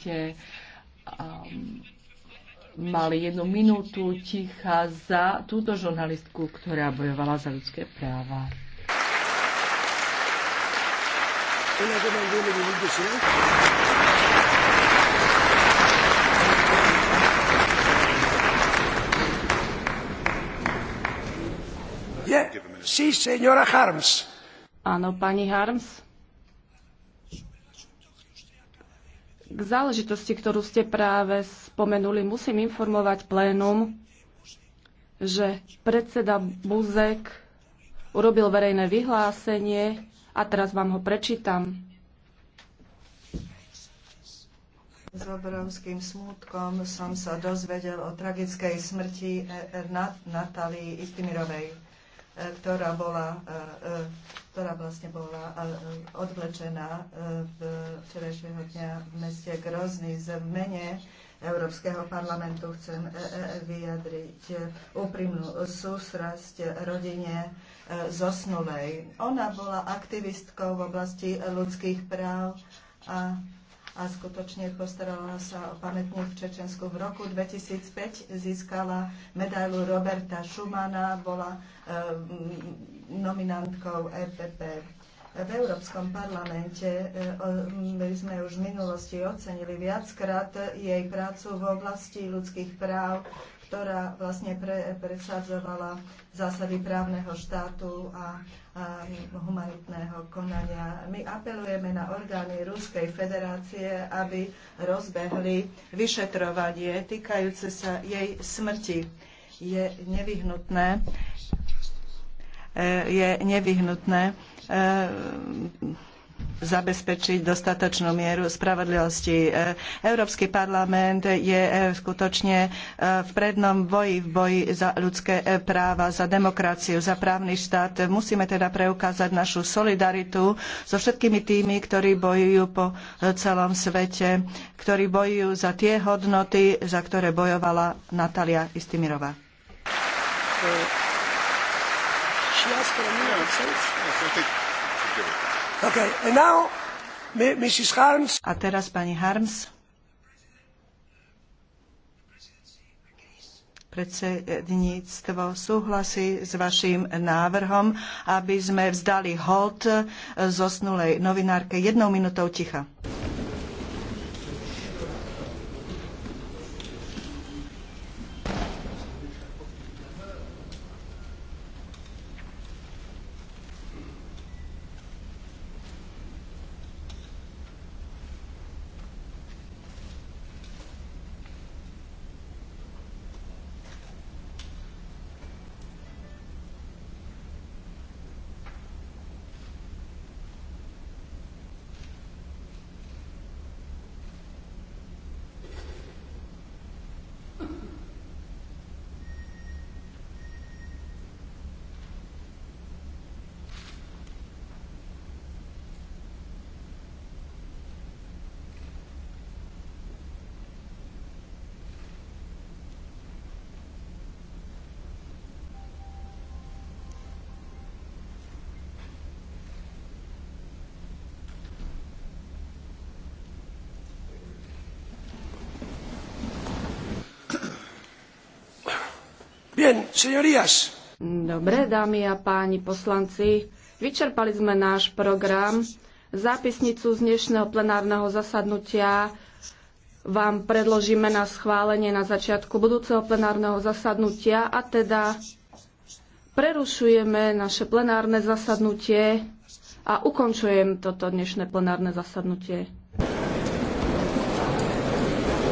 ste um, mali jednu minútu ticha za túto žurnalistku, ktorá bojovala za ľudské práva. Ona sí, señora Harms. Áno, pani Harms. K záležitosti, ktorú ste práve spomenuli, musím informovať plénum, že predseda Buzek urobil verejné vyhlásenie a teraz vám ho prečítam. S obrovským smutkom som sa dozvedel o tragickej smrti e Natalii Istimirovej E, ktorá bola, e, e, ktorá vlastne bola odvlečená včerajšieho dňa v meste Grozny z mene Európskeho parlamentu chcem vyjadriť úprimnú sústrasť rodine zosnulej. Ona bola aktivistkou v oblasti ľudských práv a a skutočne postarala sa o pamätník v Čečensku. V roku 2005 získala medailu Roberta Schumana, bola ehm, nominantkou EPP. V Európskom parlamente eh, my sme už v minulosti ocenili viackrát jej prácu v oblasti ľudských práv ktorá vlastne pre, presadzovala zásady právneho štátu a, a humanitného konania. My apelujeme na orgány Ruskej federácie, aby rozbehli vyšetrovanie týkajúce sa jej smrti. Je nevyhnutné, e, je nevyhnutné e, zabezpečiť dostatočnú mieru spravodlivosti. E, Európsky parlament je e, skutočne e, v prednom boji, v boji za ľudské práva, za demokraciu, za právny štát. Musíme teda preukázať našu solidaritu so všetkými tými, ktorí bojujú po celom svete, ktorí bojujú za tie hodnoty, za ktoré bojovala Natalia Istimirová. Okay. And now, Mrs. Harms. A teraz pani Harms. predsedníctvo súhlasí s vašim návrhom, aby sme vzdali hold zosnulej novinárke jednou minutou ticha. Dobre, dámy a páni poslanci, vyčerpali sme náš program. Zápisnicu z dnešného plenárneho zasadnutia vám predložíme na schválenie na začiatku budúceho plenárneho zasadnutia a teda prerušujeme naše plenárne zasadnutie a ukončujem toto dnešné plenárne zasadnutie.